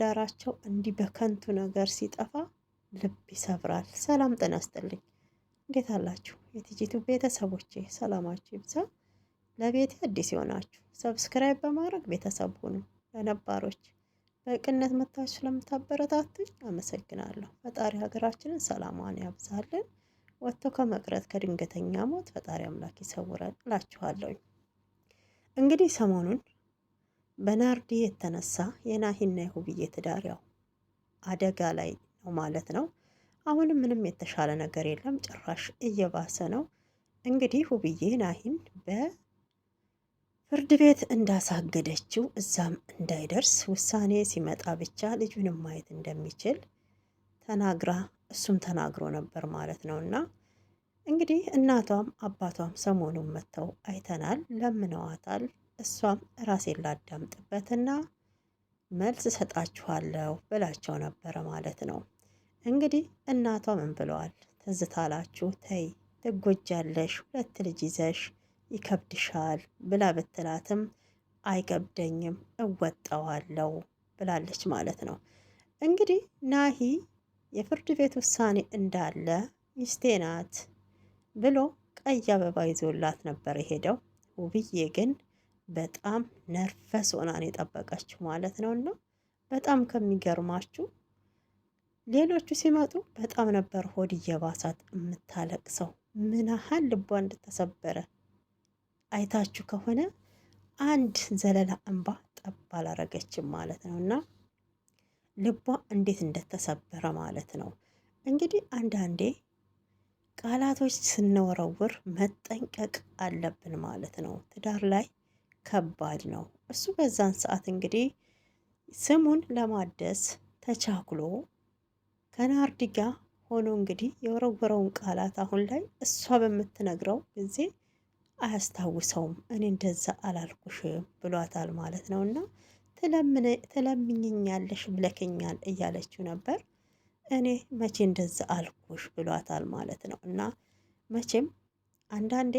ዳራቸው እንዲህ በከንቱ ነገር ሲጠፋ ልብ ይሰብራል። ሰላም ጤና ይስጥልኝ። እንዴት አላችሁ የቲጂቱ ቤተሰቦቼ? ሰላማችሁ ይብዛ። ለቤቴ አዲስ የሆናችሁ ሰብስክራይብ በማድረግ ቤተሰብ ሁኑ። ለነባሮች በቅነት መታችሁ ስለምታበረታቱኝ አመሰግናለሁ። ፈጣሪ ሀገራችንን ሰላሟን ያብዛልን። ወጥቶ ከመቅረት ከድንገተኛ ሞት ፈጣሪ አምላክ ይሰውረን እላችኋለሁ። እንግዲህ ሰሞኑን በናርዲ የተነሳ የናሂና የሁብዬ ትዳር ያው አደጋ ላይ ነው ማለት ነው። አሁንም ምንም የተሻለ ነገር የለም፣ ጭራሽ እየባሰ ነው። እንግዲህ ሁብዬ ናሂን በፍርድ ቤት እንዳሳገደችው እዛም እንዳይደርስ ውሳኔ ሲመጣ ብቻ ልጁንም ማየት እንደሚችል ተናግራ እሱም ተናግሮ ነበር ማለት ነው። እና እንግዲህ እናቷም አባቷም ሰሞኑን መጥተው አይተናል፣ ለምነዋታል። እሷም ራሴን ላዳምጥበትና መልስ እሰጣችኋለሁ ብላቸው ነበረ ማለት ነው። እንግዲህ እናቷ ምን ብለዋል? ትዝታላችሁ ተይ ትጎጃለሽ፣ ሁለት ልጅ ይዘሽ ይከብድሻል ብላ ብትላትም አይከብደኝም እወጣዋለሁ ብላለች ማለት ነው። እንግዲህ ናሂ የፍርድ ቤት ውሳኔ እንዳለ ሚስቴ ናት ብሎ ቀይ አበባ ይዞላት ነበር የሄደው። ውብዬ ግን በጣም ነርፈስ ሆናን የጠበቀችው ማለት ነው። እና በጣም ከሚገርማችሁ ሌሎቹ ሲመጡ በጣም ነበር ሆድ እየባሳት የምታለቅሰው። ምን ያህል ልቧ እንደተሰበረ አይታችሁ ከሆነ አንድ ዘለላ እንባ ጠብ አላረገችም ማለት ነው እና ልቧ እንዴት እንደተሰበረ ማለት ነው። እንግዲህ አንዳንዴ ቃላቶች ስንወረውር መጠንቀቅ አለብን ማለት ነው። ትዳር ላይ ከባድ ነው። እሱ በዛን ሰዓት እንግዲህ ስሙን ለማደስ ተቻክሎ ከናርዲ ጋር ሆኖ እንግዲህ የወረወረውን ቃላት አሁን ላይ እሷ በምትነግረው ጊዜ አያስታውሰውም። እኔ እንደዛ አላልኩሽም ብሏታል ማለት ነው። እና ትለምኝኛለሽ ብለክኛል እያለችው ነበር። እኔ መቼ እንደዛ አልኩሽ ብሏታል ማለት ነው። እና መቼም አንዳንዴ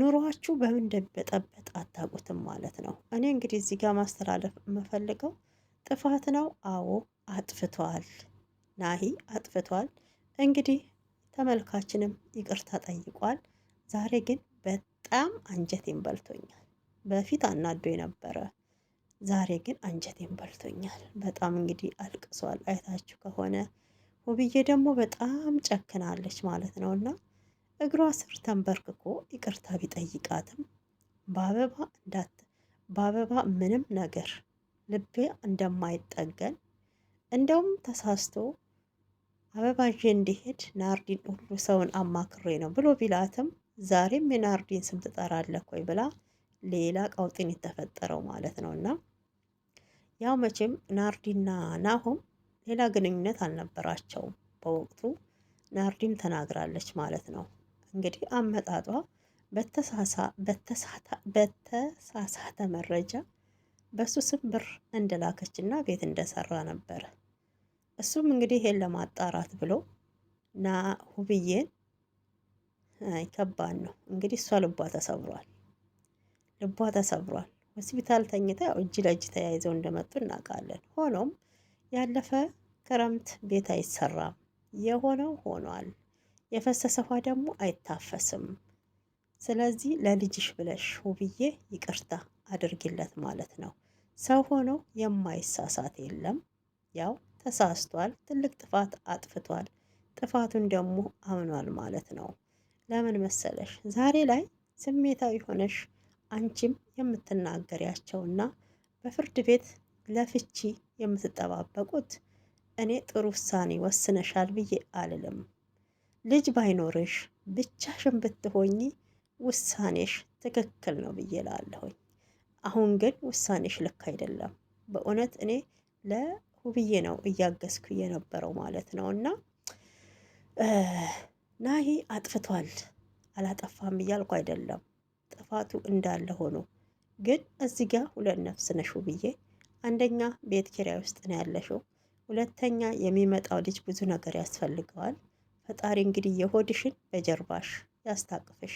ኑሯችሁ በምን እንደሚበጠበጥ አታውቁትም ማለት ነው። እኔ እንግዲህ እዚህ ጋር ማስተላለፍ የምፈልገው ጥፋት ነው። አዎ አጥፍቷል፣ ናሂ አጥፍቷል። እንግዲህ ተመልካችንም ይቅርታ ጠይቋል። ዛሬ ግን በጣም አንጀቴን በልቶኛል። በፊት አናዶ የነበረ ዛሬ ግን አንጀቴን በልቶኛል። በጣም እንግዲህ አልቅሷል፣ አይታችሁ ከሆነ ውብዬ ደግሞ በጣም ጨክናለች ማለት ነው እና እግሯ ስር ተንበርክኮ ይቅርታ ቢጠይቃትም በአበባ እንዳት በአበባ ምንም ነገር ልቤ እንደማይጠገን እንደውም ተሳስቶ አበባ ይዤ እንዲሄድ ናርዲን ሁሉ ሰውን አማክሬ ነው ብሎ ቢላትም ዛሬም የናርዲን ስም ትጠራለህ ወይ ብላ ሌላ ቀውጢን የተፈጠረው ማለት ነው። እና ያው መቼም ናርዲና ናሆም ሌላ ግንኙነት አልነበራቸውም በወቅቱ ናርዲም ተናግራለች ማለት ነው። እንግዲህ አመጣጧ በተሳሳተ መረጃ በእሱ ስም ብር እንደላከችና ቤት እንደሰራ ነበረ። እሱም እንግዲህ ይሄን ለማጣራት ብሎ ና ሁብዬን ከባድ ነው እንግዲህ እሷ ልቧ ተሰብሯል። ልቧ ተሰብሯል። ሆስፒታል ተኝታ ያው እጅ ለእጅ ተያይዘው እንደመጡ እናውቃለን። ሆኖም ያለፈ ክረምት ቤት አይሰራም፣ የሆነው ሆኗል። የፈሰሰ ውሃ ደግሞ አይታፈስም። ስለዚህ ለልጅሽ ብለሽ ውብዬ ይቅርታ አድርጊለት ማለት ነው። ሰው ሆኖ የማይሳሳት የለም። ያው ተሳስቷል፣ ትልቅ ጥፋት አጥፍቷል። ጥፋቱን ደግሞ አምኗል ማለት ነው። ለምን መሰለሽ ዛሬ ላይ ስሜታዊ ሆነሽ አንቺም የምትናገሪያቸውና በፍርድ ቤት ለፍቺ የምትጠባበቁት እኔ ጥሩ ውሳኔ ወስነሻል ብዬ አልልም። ልጅ ባይኖርሽ ብቻሽን ብትሆኚ ውሳኔሽ ትክክል ነው ብዬ ላለሁኝ። አሁን ግን ውሳኔሽ ልክ አይደለም። በእውነት እኔ ለሁብዬ ነው እያገዝኩ የነበረው ማለት ነው። እና ናሂ አጥፍቷል አላጠፋም እያልኩ አይደለም። ጥፋቱ እንዳለ ሆኖ ግን እዚህ ጋ ሁለት ነፍስ ነሽ ሁብዬ። አንደኛ ቤት ኪራይ ውስጥ ነው ያለሽው፣ ሁለተኛ የሚመጣው ልጅ ብዙ ነገር ያስፈልገዋል። ፈጣሪ እንግዲህ የሆድሽን በጀርባሽ ያስታቅፍሽ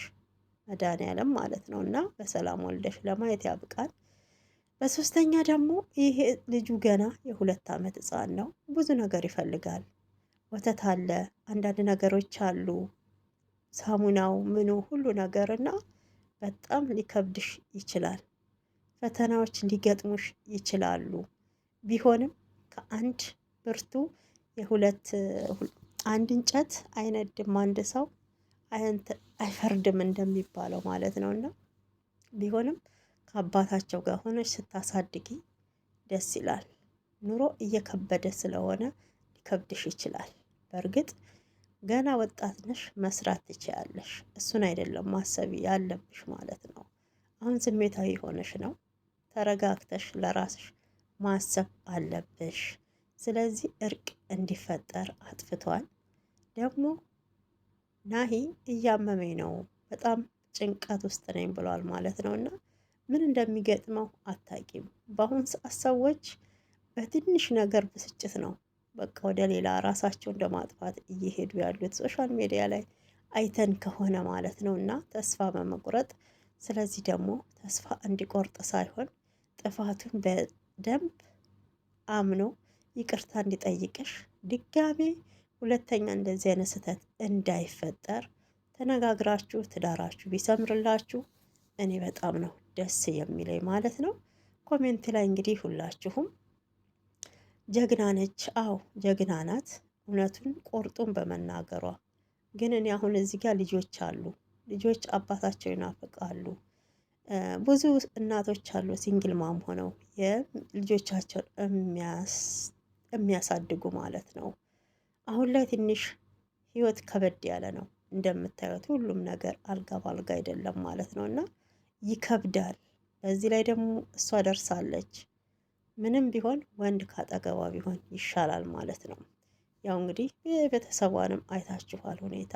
መድኃኒዓለም ማለት ነው እና በሰላም ወልደሽ ለማየት ያብቃል። በሶስተኛ ደግሞ ይሄ ልጁ ገና የሁለት ዓመት ሕፃን ነው። ብዙ ነገር ይፈልጋል። ወተት አለ፣ አንዳንድ ነገሮች አሉ፣ ሳሙናው ምኑ ሁሉ ነገር እና በጣም ሊከብድሽ ይችላል። ፈተናዎች ሊገጥሙሽ ይችላሉ። ቢሆንም ከአንድ ብርቱ የሁለት አንድ እንጨት አይነድም፣ አንድ ሰው አይፈርድም እንደሚባለው ማለት ነው። እና ቢሆንም ከአባታቸው ጋር ሆነች ስታሳድጊ ደስ ይላል። ኑሮ እየከበደ ስለሆነ ሊከብድሽ ይችላል። በእርግጥ ገና ወጣት ነሽ፣ መስራት ትችያለሽ። እሱን አይደለም ማሰብ ያለብሽ ማለት ነው። አሁን ስሜታዊ ሆነሽ ነው። ተረጋግተሽ ለራስሽ ማሰብ አለብሽ። ስለዚህ እርቅ እንዲፈጠር አጥፍቷል ደግሞ ናሂ እያመመኝ ነው በጣም ጭንቀት ውስጥ ነኝ ብሏል ማለት ነው። እና ምን እንደሚገጥመው አታቂም። በአሁን ሰዓት ሰዎች በትንሽ ነገር ብስጭት ነው በቃ ወደ ሌላ ራሳቸው እንደ ማጥፋት እየሄዱ ያሉት ሶሻል ሚዲያ ላይ አይተን ከሆነ ማለት ነው። እና ተስፋ በመቁረጥ ስለዚህ ደግሞ ተስፋ እንዲቆርጥ ሳይሆን ጥፋቱን በደንብ አምኖ ይቅርታ እንዲጠይቅሽ ድጋሜ ሁለተኛ እንደዚህ አይነት ስህተት እንዳይፈጠር ተነጋግራችሁ ትዳራችሁ ቢሰምርላችሁ እኔ በጣም ነው ደስ የሚለኝ ማለት ነው። ኮሜንት ላይ እንግዲህ ሁላችሁም ጀግና ነች፣ አዎ ጀግና ናት፣ እውነቱን ቆርጡን በመናገሯ ግን እኔ አሁን እዚህ ጋር ልጆች አሉ፣ ልጆች አባታቸው ይናፍቃሉ። ብዙ እናቶች አሉ ሲንግል ማም ሆነው ልጆቻቸውን የሚያሳድጉ ማለት ነው። አሁን ላይ ትንሽ ህይወት ከበድ ያለ ነው። እንደምታዩት ሁሉም ነገር አልጋ ባልጋ አይደለም ማለት ነው እና ይከብዳል። በዚህ ላይ ደግሞ እሷ ደርሳለች። ምንም ቢሆን ወንድ ካጠገቧ ቢሆን ይሻላል ማለት ነው። ያው እንግዲህ የቤተሰቧንም አይታችኋል ሁኔታ።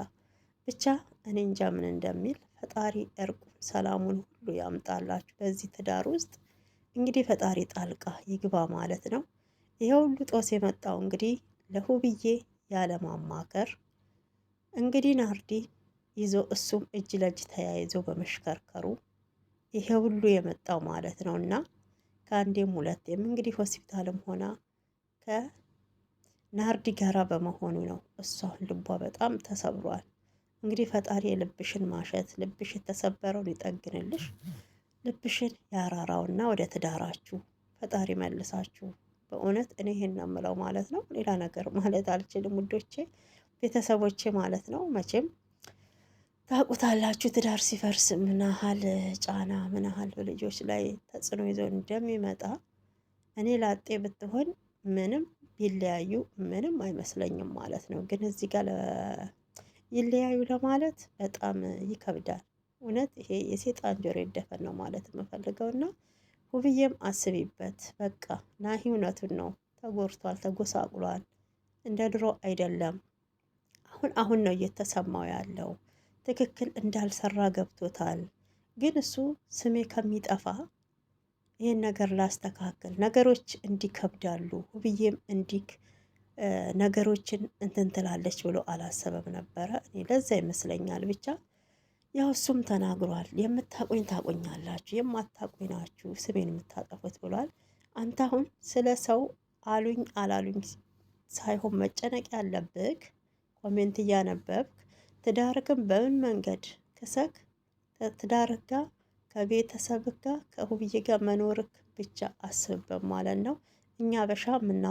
ብቻ እኔ እንጃ ምን እንደሚል ፈጣሪ እርቁን ሰላሙን ሁሉ ያምጣላችሁ። በዚህ ትዳር ውስጥ እንግዲህ ፈጣሪ ጣልቃ ይግባ ማለት ነው። ይሄ ሁሉ ጦስ የመጣው እንግዲህ ለሁብዬ ያለማማከር እንግዲህ ናርዲ ይዞ እሱም እጅ ለእጅ ተያይዞ በመሽከርከሩ ይሄ ሁሉ የመጣው ማለት ነው። እና ከአንዴም ሁለቴም እንግዲህ ሆስፒታልም ሆና ከናርዲ ጋራ በመሆኑ ነው። እሷን ልቧ በጣም ተሰብሯል። እንግዲህ ፈጣሪ የልብሽን ማሸት ልብሽ የተሰበረውን ይጠግንልሽ፣ ልብሽን ያራራውና ወደ ትዳራችሁ ፈጣሪ መልሳችሁ በእውነት እኔ ይሄን ነው የምለው ማለት ነው። ሌላ ነገር ማለት አልችልም ውዶቼ፣ ቤተሰቦቼ ማለት ነው። መቼም ታውቁታላችሁ ትዳር ሲፈርስ ምን ያህል ጫና ምን ያህል በልጆች ላይ ተጽዕኖ ይዞ እንደሚመጣ እኔ ላጤ ብትሆን ምንም ይለያዩ ምንም አይመስለኝም ማለት ነው። ግን እዚህ ጋር ይለያዩ ለማለት በጣም ይከብዳል። እውነት ይሄ የሴጣን ጆሮ ይደፈን ነው ማለት ና። ውብዬም አስቢበት፣ በቃ ናሂ እውነቱን ነው፣ ተጎርቷል ተጎሳቁሏል እንደ ድሮ አይደለም። አሁን አሁን ነው እየተሰማው ያለው ትክክል እንዳልሰራ ገብቶታል። ግን እሱ ስሜ ከሚጠፋ ይህን ነገር ላስተካክል፣ ነገሮች እንዲከብዳሉ ውብዬም እንዲህ ነገሮችን እንትን ትላለች ብሎ አላሰበም ነበረ። እኔ ለዛ ይመስለኛል ብቻ ያው እሱም ተናግሯል። የምታቆኝ ታቆኛላችሁ፣ የማታቆኝ ናችሁ ስሜን የምታጠፉት ብሏል። አንተ አሁን ስለ ሰው አሉኝ አላሉኝ ሳይሆን መጨነቅ ያለብህ ኮሜንት እያነበብክ ትዳርክን በምን መንገድ ክሰክ ከትዳርህ ጋር ከቤተሰብ ጋር ከሁብዬ ጋር መኖርክ ብቻ አስብበት ማለት ነው። እኛ በሻ ምና